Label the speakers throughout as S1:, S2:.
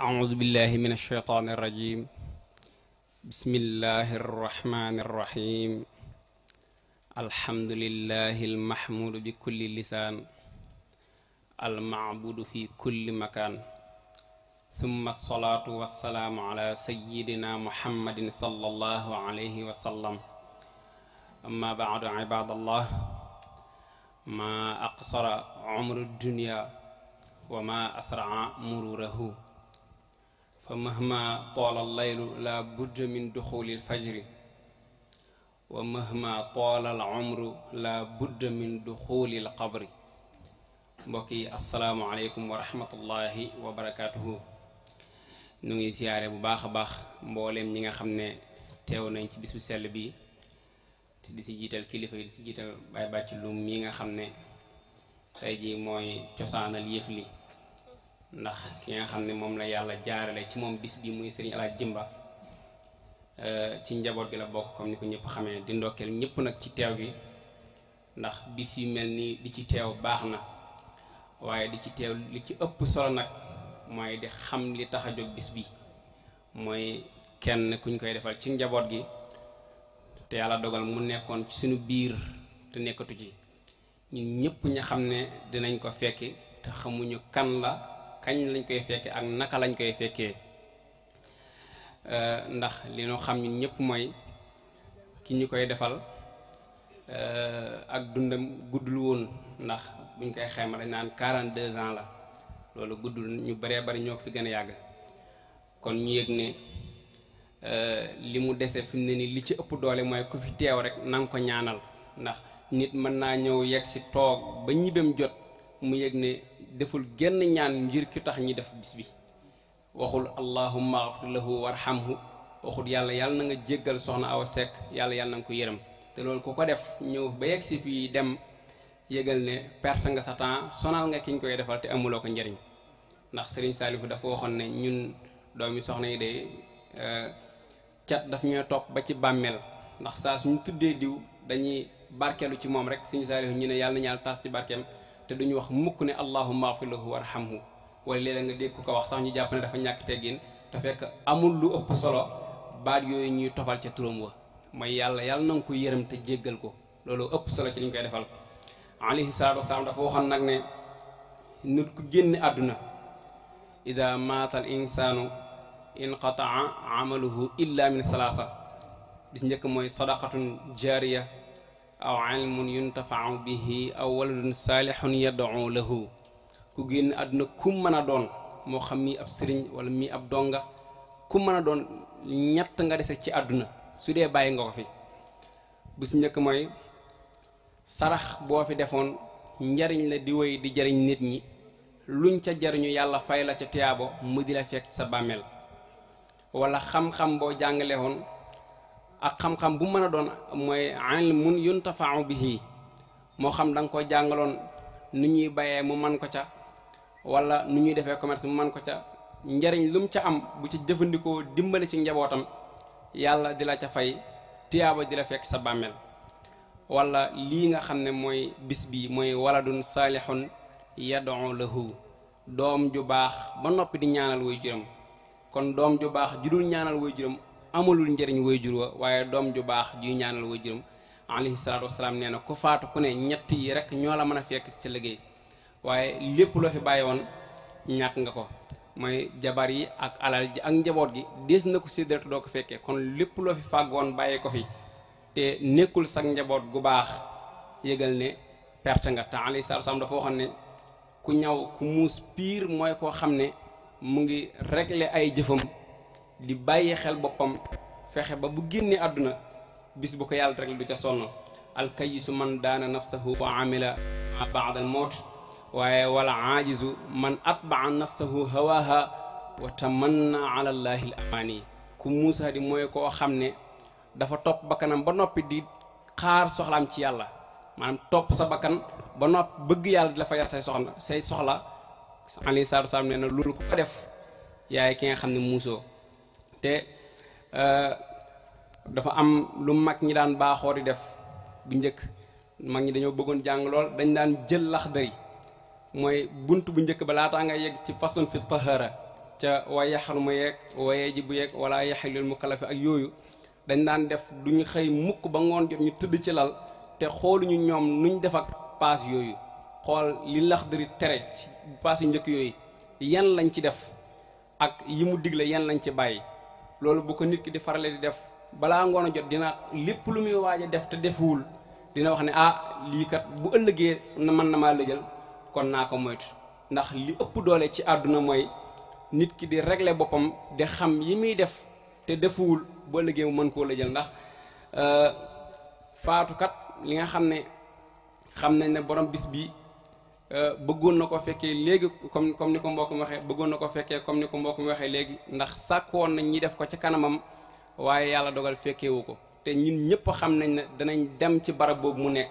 S1: أعوذ بالله من الشيطان الرجيم بسم الله الرحمن الرحيم الحمد لله المحمود بكل لسان المعبود في كل مكان ثم الصلاة والسلام على سيدنا محمد صلى الله عليه وسلم أما بعد عباد الله ما أقصر عمر الدنيا وما أسرع مروره fa mahma toola allaylu la budda min duxuli alfajri wa mahma toola alumru la budda min duxuli alqabri mbokk yi asalaamualeykum wa rahmatullahi wa barakaatuhu ñu ngi siyaare bu baax a baax mbooleem ñi nga xam ne teew nañ ci bisu sell bi te di si jiital kilifa yi di si jiital baay bàcc lum mi nga xam ne tey ji mooy cosaanal yëf li ndax ki nga xam ne moom la yàlla jaarale ci moom bis bi muy sëriñ alaaj jimba euh, ci njaboot gi la bokk comme ni ko ñëpp xamee di ndokkeel ñëpp nag ci teew bi ndax bis yu mel ni di ci teew baax na waaye di ci teew li ci ëpp solo nag mooy di xam li tax a jóg bis bi mooy kenn kuñ koy defal ci njaboot gi te yàlla dogal mu nekkoon ci suñu biir te nekkatu ci ñun ñëpp ña xam ne dinañ ko fekki te xamuñu kan la kañ lañ koy fekkee ak naka lañ koy fekkee euh, ndax li ñu xam ñun ñëpp mooy ki ñu koy defal euh, ak dundam guddul woon ndax buñ koy xayma dañ naan quarante 42 ans la loolu guddul ñu baree bari ñoo ko fi gën a yàgg kon ñu yëg ne euh, li mu dese fi mu ne ni li ci ëpp doole mooy ku fi teew rek na ko ñaanal ndax nit mën naa ñëw yegg si toog ba ñibbeem jot mu yëg ne deful genn ñaan ngir ki tax ñi def bis bi waxul allahumma ghfir war warhamhu waxul yàlla yàlla na nga jéggal soxna aw Seck yàlla yàlla na nga ko yërëm te loolu ku ko def ñëw ba yegg si fii dem yëgal ne perte nga sa temps sonal nga ki ñu koy defal te amuloo ko njëriñ ndax Serigne Saliou dafa waxoon ne ñun doom yi soxna yi de euh, cat daf ñoo topp ba ci bàmmeel ndax saa suñu tuddee diw dañuy barkeelu ci moom rek Serigne Saliou ñu ne yàlla na ñaal taas ci te duñu wax mukk ne allahumma ighfir lahu warhamhu wala léeg nga dégg ku ko wax sax ñu jàpp ne dafa ñàkk teggin te fekk amul lu ëpp solo baat yooyu ñuy tofal ca turam wa mooy yàlla yàlla na ko yërëm te jéggal ko loolu ëpp solo ci liñ koy defal alayhi salaatu wasalaam dafa waxoon nag ne nit ku génn àdduna ida maata al insaanu inqataa amaluhu illa min salaasa bis njëkk mooy sadaqatun jaariya aw ilmun bi bihi aw waladun saalihun yad'u lahu ku génn àdduna kum mën a doon moo xam mi ab sëriñ walla mii ab donga ku mën a doon ñett nga dese ci àdduna su dee bàyyi nga ko fi bu si njëkk mooy sarax boo fi defoon njariñ la di woy di jariñ nit ñi luñ ca jariñu yàlla fay la ca tiyaabo mu di la fekk sa bàmmeel wala xam-xam boo jàngale woon ak xam-xam bu mën a doon mooy ilmun bi bihi moo xam da nga ko jàngaloon nu ñuy bayee mu man ko ca wala nu ñuy defee commerce mu man ko ca njariñ lu ca am bu ci jëfandikoo dimbali ci njabootam yàlla di la ca fay tiyaaba di la fekk sa bàmmeel wala lii nga xam ne mooy bis bi mooy waladun saalihun la xuu doom ju baax ba noppi di ñaanal way juram kon doom ju baax ju dul ñaanal way juram amalul njëriñ wayjur wa waaye doom ju baax juy ñaanal wayjuram alayhi salaatu wasalaam nee na ku faatu ku ne ñett yi rek ñoo la mën a fekk ci liggéey waaye lépp loo fi bàyyi woon ñàkk nga ko mooy jabar yi ak alal ji ak njaboot gi des na ko séddale doo ko fekkee kon lépp loo fi fàggoon bàyyi ko fi te nekkul sax njaboot gu baax yëgal ne perte nga te alayhi salaatu wasalaam dafa waxoon ne ku ñaw ku muus piir mooy koo xam ne mu ngi régler ay jëfam di bàyyi xel boppam fexe ba bu génnee àdduna bis bu ko yàlla rek ca sonn alkayisu man daana nafsahu wa amila baada al mawt waaye wala aajizu man atbaa nafsahu hawaaha wa tamanna ala llahi l ku muusa di mooy koo xam ne dafa topp bakkanam ba noppi di xaar soxlaam ci yàlla maanaam topp sa bakkan ba nopp bëgg yàlla di la fa yar say soxna say soxla alayhi salaatu wasalaam nee na loolu ku ko def yaay ki nga xam ne muusoo te euh, dafa am lu mag ñi daan baaxoo di def bu njëkk mag ñi dañoo bëggoon jàng lool dañ daan jël laxdari mooy bunt bu njëkk ba laataa nga yegg ci façon fi tahara ca wa yaxaruma yeeg wa yajibu yeeg wala mu mukallafi ak yooyu dañ daan def duñu xëy mukk ba ngoon jot ñu tëdd ci lal te xooluñu ñoom nuñ def ak paas yooyu xool li laxdari tere ci paas yu njëkk yooyu yan lañ ci def ak yi mu digle yan lañ ci bàyyi loolu bu ko nit ki di farale di def balaa ngoon a jot dina lépp lu muy waaj a def te defuwul dina wax ne ah lii kat bu ëllëgee na mën na maa lëjal kon naa ko moytu ndax li ëpp doole ci àdduna mooy nit ki di régler boppam di xam yi muy def te defuwul bu ëllëgee mu mën koo lëjal ndax euh, faatukat li nga xam ne xam nañ ne borom bis bi Euh, bëggoon na ko fekkee léegi comme comme ni ko mbokk mi waxee bëggoon na ko fekkee comme ni ko mbokk mi waxee léegi ndax sàkkoon nañ ñi def ko ci kanamam waaye yàlla dogal fekkewu ko te ñun ñëpp xam nañ ne danañ dem ci barab boobu mu nekk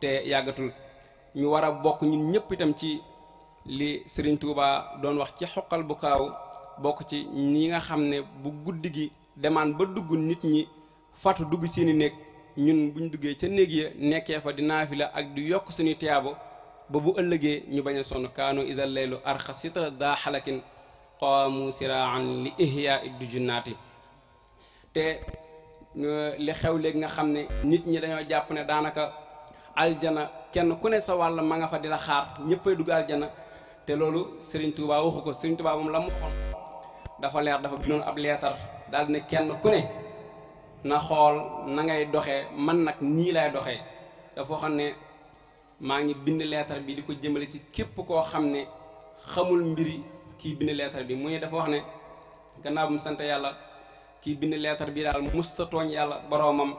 S1: te yàggatul ñu war a bokk ñun ñëpp itam ci li Serigne Touba doon wax ci xoqal bu kaaw bokk ci ñi nga xam ne bu guddi gi demaan ba dugg nit ñi fatu dugg seeni néeg ñun buñ duggee ca néeg ya nekkee fa di naafila ak di yokk suñu tiyaabo ba bu ëllëgee ñu bañ a sonn kaanu idal laylu arxa sitra daa xalakin qaamu siraan li ihyaa iddu junnaati te li xew léegi nga xam ne nit ñi dañoo jàpp ne daanaka aljana kenn ku ne sa wàll ma nga fa di la xaar ñëppay dugg aljana te loolu Serigne Touba waxu ko Serigne Touba moom la mu dafa leer dafa bindoon ab leetar daal ne kenn ku ne na xool na ngay doxee man nag nii lay doxe dafa xam ne maa ngi bind leetar bi di ko jëmale ci képp koo xam ne xamul mbiri kii bind leetar bi mu ne dafa wax ne gannaaw bu mu sant yàlla kii bind leetar bi daal musta tooñ yàlla boroomam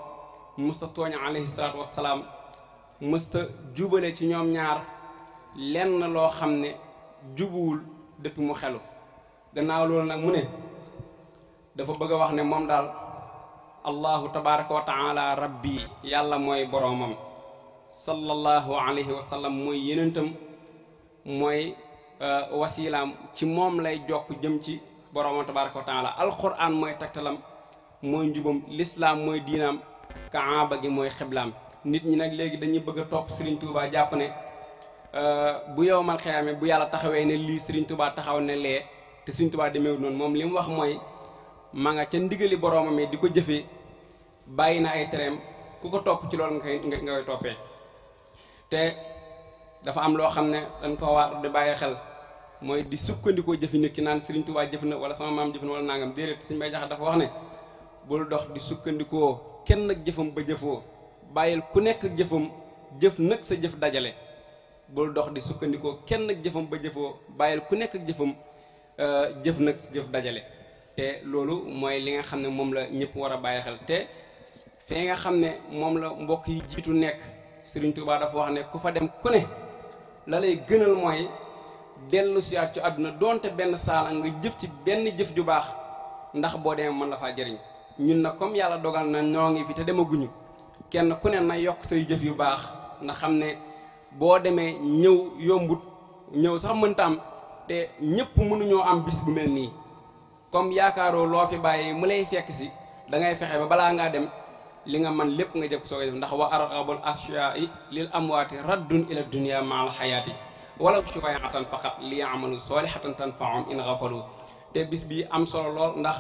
S1: musta tooñ alayhi salaatu wassalaam musta jubale ci ñoom ñaar lenn loo xam ne jubuwul depuis mu xelu gannaaw loolu nag mu ne dafa bëgg a wax ne moom daal allahu tabaraka wa taala rabbi yàlla mooy boroomam sallallahu alayhi wa sallam mooy yenentam mooy euh, wasilaam ci moom lay jokk jëm ci boroomam tabaraka wa taala alquran mooy tegtalam mooy njubam lislaam mooy diinaam kaaba gi mooy xiblaam nit ñi nag léegi dañuy bëgg a topp Serigne Touba jàpp ne euh, bu yow mal bu yàlla taxawee ne lii Serigne Touba taxaw ne lee te Serigne Touba demeewul noonu moom li mu wax mooy ma nga ca ndigali boroomam di ko jëfee bàyyi na ay tereem ku ko topp ci loolu nga koy nga koy toppee te dafa am loo xam ne dañ ko war di bàyyi xel mooy di sukkandikoo jëfi nit ki naan Serigne Touba jëf na wala sama maam jëf na wala nangam déedéet Serigne Baye Diakhate dafa wax ne bul dox di sukkandikoo kenn ak jëfam ba jëfoo bàyyil ku nekk jëfam jëf nag sa jëf dajale bul dox di sukkandikoo kenn ak ba jëfoo bàyyil ku nekk ak jëfam euh, jëf nag sa jëf dajale te loolu mooy li nga xam ne moom la ñëpp war a bàyyi xel te fee nga xam ne moom la mbokk yi jiitu nekk Serigne Touba dafa wax ne ku fa dem ku ne la lay gënal mooy dellu siyaat ci àdduna donte benn saala nga jëf ci benn jëf ju baax ndax boo demee mën la faa jëriñ ñun na comme yàlla dogal na ñoo ngi fi te demaguñu kenn ku ne na yokk say jëf yu baax na xam ne boo demee ñëw yombut ñëw sax mënta te ñëpp mënuñoo am bis bu mel nii comme yaakaaroo loo fi bàyyi mu lay fekk si da fexe ba balaa ngaa dem. li nga man lépp nga jëpp soo koy def ndax wa argabul ashyaa'i lil amwaati raddun ila dunia maal xayaati wala sufayatan faqat li yamalu solihatan tanfaahum in gafalu te bis bi am solo ndax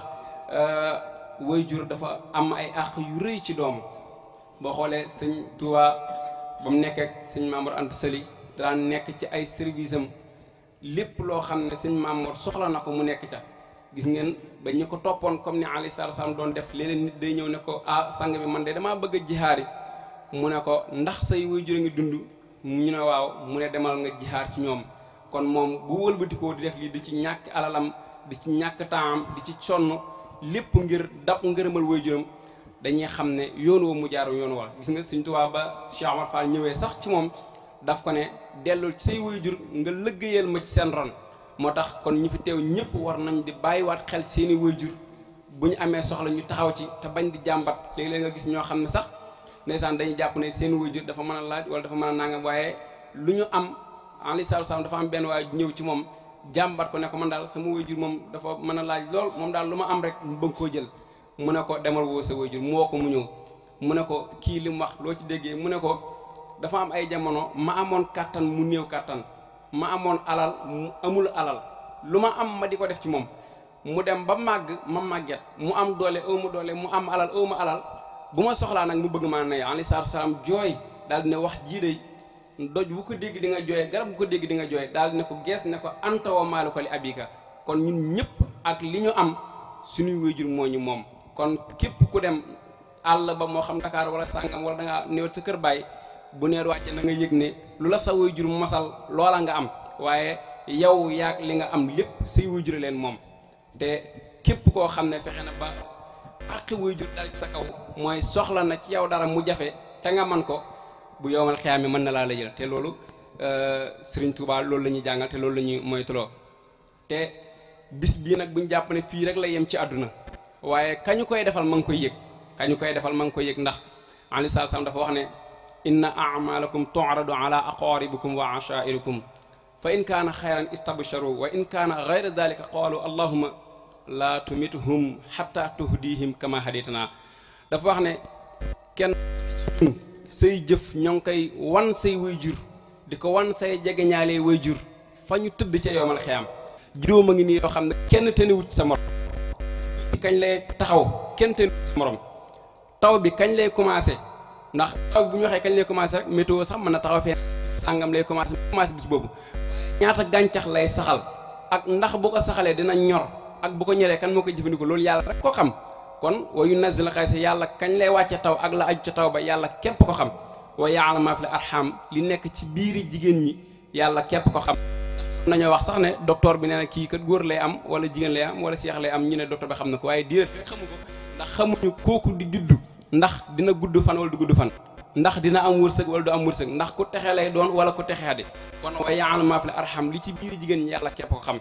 S1: ndax euh, jur dafa am ay àq yu rëy ci doom boo xoolee sëñ Tuubaa ba mu nekk ak sëñ Maamor Anta Sali daan nekk ci ay service lépp loo xam ne sëñ Maamor soxla na ko mu nekk ca gis ngeen ba ñu ko toppoon comme ni alayhi salaatu salaam doon def leneen léeg nit day ñëw ne ko ah sang bi man de damaa bëgg a jihaari mu ne ko ndax say jur a ngi dund ñu ne waaw mu ne demal nga jihaar ci ñoom kon moom bu wëlbatikoo di def lii di ci ñàkk alalam di ci ñàkk taam di ci sonn lépp ngir dab ngërëmal waajuram dañuy xam ne yoon woo mu jaaru yoon wal gis nga siñ Tuubaa ba Cheikh Omar Fall ñëwee sax ci moom daf ko ne dellul ci say jur nga lëggéeyal ma ci seen ron moo tax kon ñi fi teew ñëpp war nañ di bàyyiwaat xel seeni waajur bu ñu amee soxla ñu taxaw ci te bañ di jàmbat léeg-léeg nga gis ñoo xam ne sax ndeysaan dañuy jàpp ne seen waajur dafa mën a laaj wala dafa mën a nangam waaye lu ñu am alayhi salaatu salaam dafa am benn waaye ñëw ci moom jàmbat ko ne ko man daal sama waajur moom dafa mën a laaj lool moom daal lu ma am rek mu bëgg koo jël mu ne ko demal woo sa waajur mu ko mu ñëw mu ne ko kii li mu wax loo ci déggee mu ne ko dafa am ay jamono ma amoon kàttan mu néew kàttan ma amoon alal mu amul alal lu ma am ma di ko def ci moom mu dem ba màgg ma màgget mu am doole aw ma doole mu am alal aw ma alal bu ma soxlaa nag mu bëgg maa nay alayhi salaatu salaam jooy daal ne wax jii day doj wu ko dégg di nga jooy garab bu ko dégg dinga jooy daal dina ko gees ne ko antawa maalu ko li abika kon ñun ñëpp ak li ñu am suñuy wéjur moo ñu moom kon képp ku dem àll ba moo xam Dakar wala sàngam wala da ngaa sa kër bàyyi bu neer wàcce na nga yëg ne lu la sa waajur mosal loola nga am waaye yow yaag li nga am lépp say waajur leen moom te képp koo xam ne fexe na ba àqi waajur dal ci sa kaw mooy soxla na ci yow dara mu jafe te nga man ko bu yowmal xiyaame mën na laa la jël te loolu euh, Sëriñ Tuubaa loolu la ñuy jàngal te loolu la ñuy moytuloo te bis bii nag bu ñu ne fii rek la yem ci àdduna waaye kañu koy defal ma ngi koy yëg kañu koy defal ma ngi koy yëg ndax alayhi salaam ne inna amalakum tu'radu ala aqaribikum wa ashairikum fa in kaana xayran istabsharu wa in kaana gayra dalika qaalu allahuma laa tumithum xatta tuhdihim kama haditana dafa wax ne kenn say jëf ñoo ngi koy wan say way jur di ko wan say jegeñaale way jur fa ñu tëdd ca yoomal xeyam juróom a ngi nii yoo xam ne kenn teniwut sa morom kañ lay taxaw kenn teniwut sa morom taw bi kañ lay commencé ndax taw bu ñu waxee kañ lay commencé rek météo sax mën na taxaw fee sàngam lay commencé commencé bis boobu ñaata gàncax lay saxal ak ndax bu ko saxalee dina ñor ak bu ko ñoree kan moo koy jëfandikoo loolu yàlla rek ko xam kon la yunazzil xaysa yàlla kañ lay wàcce taw ak la aju ca taw ba yàlla képp ko xam wa ya'lamu ma fil arham li nekk ci biir i jigéen ñi yàlla képp ko xam nañoo wax sax ne docteur bi nee na kii kat góor lay am wala jigéen lay am wala seex lay am ñu ne docteur bi xam na ko waaye diiréet fekk xamuñu kooku di juddu ndax dina gudd fan wala du gudd fan ndax dina am wërsëg wala du am wërsëg ndax ku texe lay doon wala ku texe di kon wa ya'lamu maa fil arham li ci biir jigéen ñi yàlla képp ko xam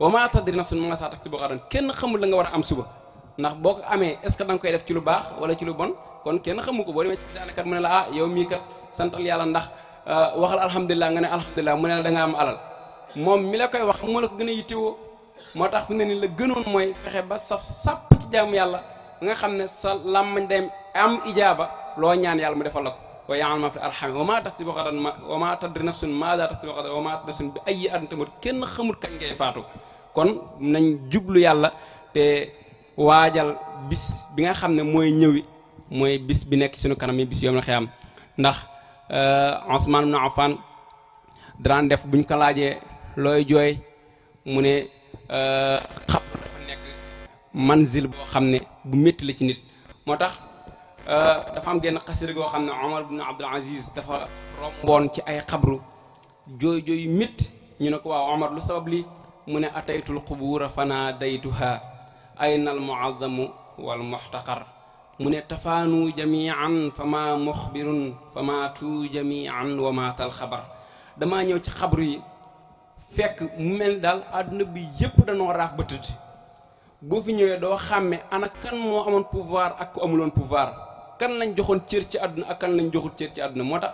S1: wa maa tadri nafsun maa saa taksib ghadan kenn la nga war a am boo ko amee kenn xamu ko boo demee ci kat mu ne la ah yow mii kat santal yàlla ndax euh, waxal alhamdulilah nga ne alhamdulilah mu ne la da nga am alal moom mi la koy wax moo la ko gën a yittewoo moo tax fu ne ni am ijaaba loo ñaan yàlla mu defal la ko wa ya'lamu maa fi arham wa maa taksibu gadan wa maa tadri nafsun maadaa taksibu gadan wa maa tadri nafsun bi ayyi ardin tamuut kenn xamul kañ ngay faatu kon nañ jublu yàlla te waajal bis bi nga xam ne mooy ñëwi mooy bis bi nekk suñu kanam yi bis yom la xiyam ndax euh, Usmaan ibn Affaan daan def buñ ko laajee looy jooy mu ne euh, xam dafa nekk manzil boo xam ne bu métti la ci nit moo tax Euh, dafa am genn xasida goo xam ne Omar bin Abdul Aziz dafa romboon ci ay xabru jooy jooy ñu ne ko waaw Omar lu sabab li mu ne ataytul qubuura fanaa daytuha ayna al muazzamu wal muxtaqar mu ne tafaanu jamian fa ma muxbirun fa maatu jamian wa maatal xabar damaa ñëw ci xabru yi fekk mu mel daal àdduna bi yépp danoo raaf ba tëdd boo fi ñëwee doo xàmme ana moo amoon pouvoir ak ku amuloon pouvoir kan lañ joxoon cër ci àdduna akan kan lañ joxul cër ci àdduna moo tax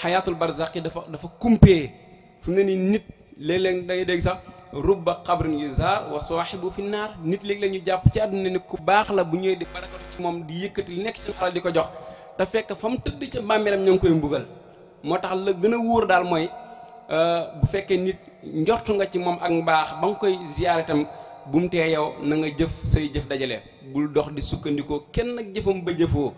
S1: xayaatul euh, barzaq yi dafa dafa kumpee fu mu ne nii nit léeg-léeg da ngay dégg sax rubba xabrin yu zaar wa saaxibu fi naar nit léegi la ñu jàpp ci àdduna ni ku baax la bu ñëwee di barakatu ci moom di yëkkati li nekk seen xalal di ko jox te fekk fa mu tëdd ca bàmmeelam ñoo ngi koy mbugal moo tax la gën a wóor daal mooy euh, bu fekkee nit njortu nga ci moom ak mbaax ba nga koy ziyaar tam bu mu tee yow na jëf say jëf dajale bul dox di sukkandikoo kenn ak jëfam ba jëfoo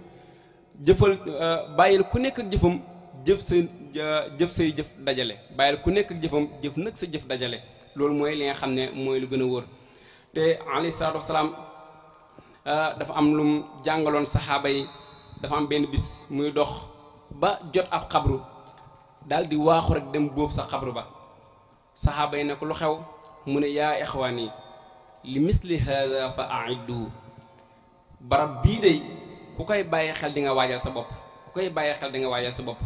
S1: jëfal euh, bàyyil ku nekk ak jëfam jëf sa euh, jëf say jëf dajale bàyyil ku nekk ak jëfam jëf nag sa jëf dajale loolu mooy li nga xam ne mooy lu gën a wóor te alayhi salaatu wasalaam euh, dafa am lum jàngaloon saxaaba yi dafa am benn bis muy dox ba jot ab xabru dal di waaxu rek dem bóof sa xabru ba saxaaba yi ne ko lu xew mu ne yaa ixwaan yi li misli hada fa aiddu barab bii day ku koy bàyyi xel di nga waajal sa bopp ku koy bàyyi xel di nga waajal sa bopp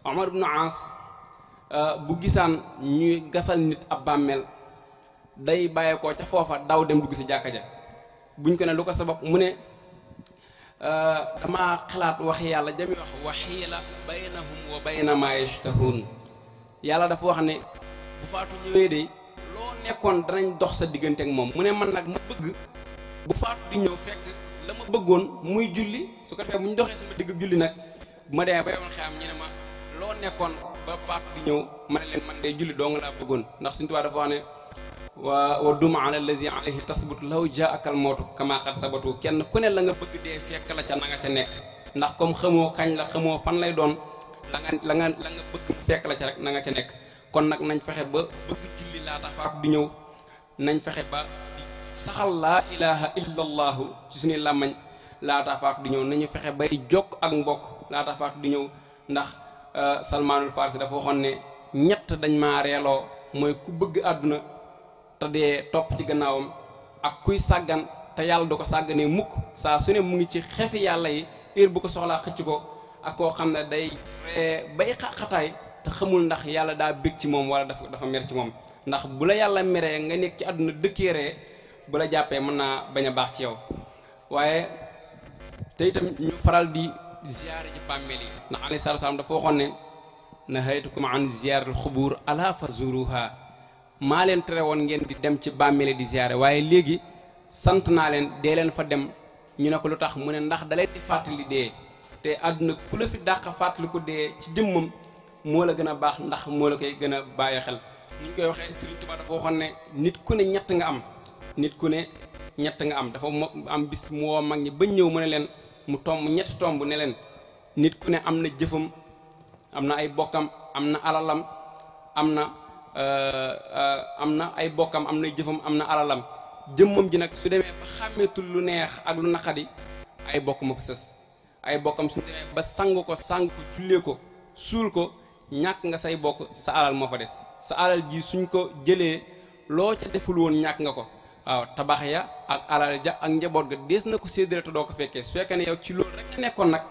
S1: Omar ibnu As euh, bu gisaan ñuy gasal nit ab bàmmeel day bàyyeekoo ca foofa daw dem dugg si jàkka ja buñ ko ne lu ko sa bopp mu ne euh, damaa xalaat wax yàlla jami wax waxiila baynahum wa bayna maa yashtahuun yàlla dafa wax ne bu faatu ñëwee de nekkoon danañ dox sa digganteek moom mu ne man nag ma bëgg bu faatu di ñëw fekk la ma bëggoon muy julli su ko defee bu ñu doxee sama digg julli nag ma demee ba yoon xam ñu ne ma loo nekkoon ba faatu di ñëw ma ne leen man day julli doo nga laa bëggoon ndax suñu tubaab dafa wax ne wa wa duma ala alladi alayhi tasbutu law jaa akal mootu kama xat sabatu kenn ku ne la nga bëgg dee fekk la ca na nga ca nekk ndax comme xamoo kañ la xamoo fan lay doon la nga la la nga rek na nga ca nekk daa tax du ñëw nañ fexe ba saxal laa ilaha illa ci suñu làmmañ laata faatu di ñëw nañu fexe bay jokk ak mbokk laata faatu di ñëw ndax euh, salmaanul farsi dafa waxoon ne ñett dañ ma reeloo mooy ku bëgg àdduna te dee topp ci gannaawam ak kuy sàggan te yàlla du ko sàgganee mukk saa su ne mu ngi ci xefi yàlla yi heure bu ko soxlaa xëcc ko ak koo xam ne day bay xaqataay te xamul ndax yàlla daa bég ci moom wala dafa dafa mer ci moom ndax bu la yàlla meree nga nekk ci àdduna dëkkee ree bu la jàppee mën naa bañ a baax ci yow waaye te itam ñu faral di ziyaare ji bàmmeel yi ndax alayhi salaatu salaam dafa waxoon ne nahaytukum an ziyaaratil xubuur alaa fazuruha maa leen tere woon ngeen di dem ci bàmmeel di ziyaare waaye léegi sant naa leen dee leen fa dem ñu ne ko lu tax mu ne ndax da fàttali dee te àdduna ku la fi dàq fàttali moo la gën a baax ndax moo la koy gën a bàyyi xel ni ñu koy waxee Sëriñ Tuubaa dafa waxoon ne nit ku ne ñett nga am nit ku ne ñett nga am dafa am bis mu woo mag ñi ba ñëw ma ne leen mu tomb ñetti tomb ne leen nit ku ne am na jëfam am na ay bokkam am na alalam am na euh, euh, am na ay bokkam am na jëfam am na alalam jëmmam ji nag su demee ba xàmmeetul lu neex ak lu naqadi ay bokk ma fa ay bokkam su demee ba sang ko sang ko jullee ko suul ko ñàkk nga say bokk sa alal moo fa des sa alal jii suñ ko jëlee loo ca deful woon ñàkk nga ko waaw tabax ya ak alal ja ak njaboot ga des na ko séddale te doo ko fekkee su fekkee ne yow ci loolu rek nekkoon nag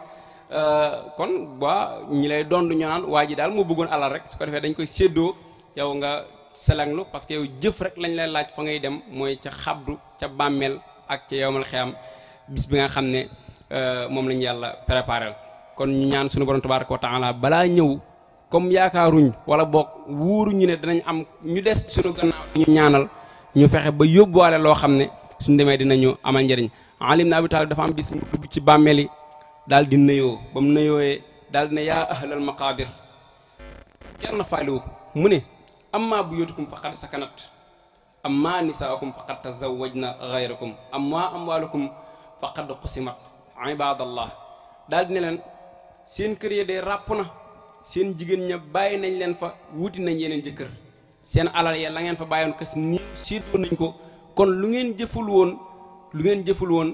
S1: euh, kon waa ñu lay dond ñoo naan waa ji daal moo bëggoon alal rek su ko defee dañ koy séddoo yow nga selaglu parce que jëf rek lañ lay laaj fa ngay dem mooy ca xabdu ca bàmmeel ak ca yowmal xiyam bis bi nga xam ne euh, moom lañu yàlla préparé kon ñaan suñu borom tabaaraka wa balaa ñëw comme yaakaaruñ wala boog ñu ne danañ am ñu des suñu gannaaw ñu ñaanal ñu fexe ba yóbbuwaale loo xam ne su demee dinañu amal njëriñ Ali ibn Abi Talib dafa am bis mu dugg ci bàmmeel yi daal di nëyoo ba mu daal di ne yaa maa maqaabir jar na faaliwu ko mu ne amma buyutukum faqad sakanat am nisaakum faqad tazawwajna ghayrakum amma amwalukum faqad qusimat ibadallah daal di ne leen seen kër yi day ràpp na seen jigéen ña bàyyi nañ leen fa wuti nañ yeneen jëkkër seen alal ya la ngeen fa bàyyoon kas nii séetoo nañ ko kon lu ngeen jëful woon lu ngeen jëful woon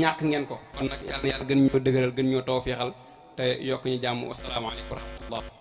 S1: ñàkk ngeen ko kon nag yàlla na yàlla gën ñoo dëgëral gën ñoo tawfeexal te yokk ñu jàmm wasalaamaaleykum wa rahmatullah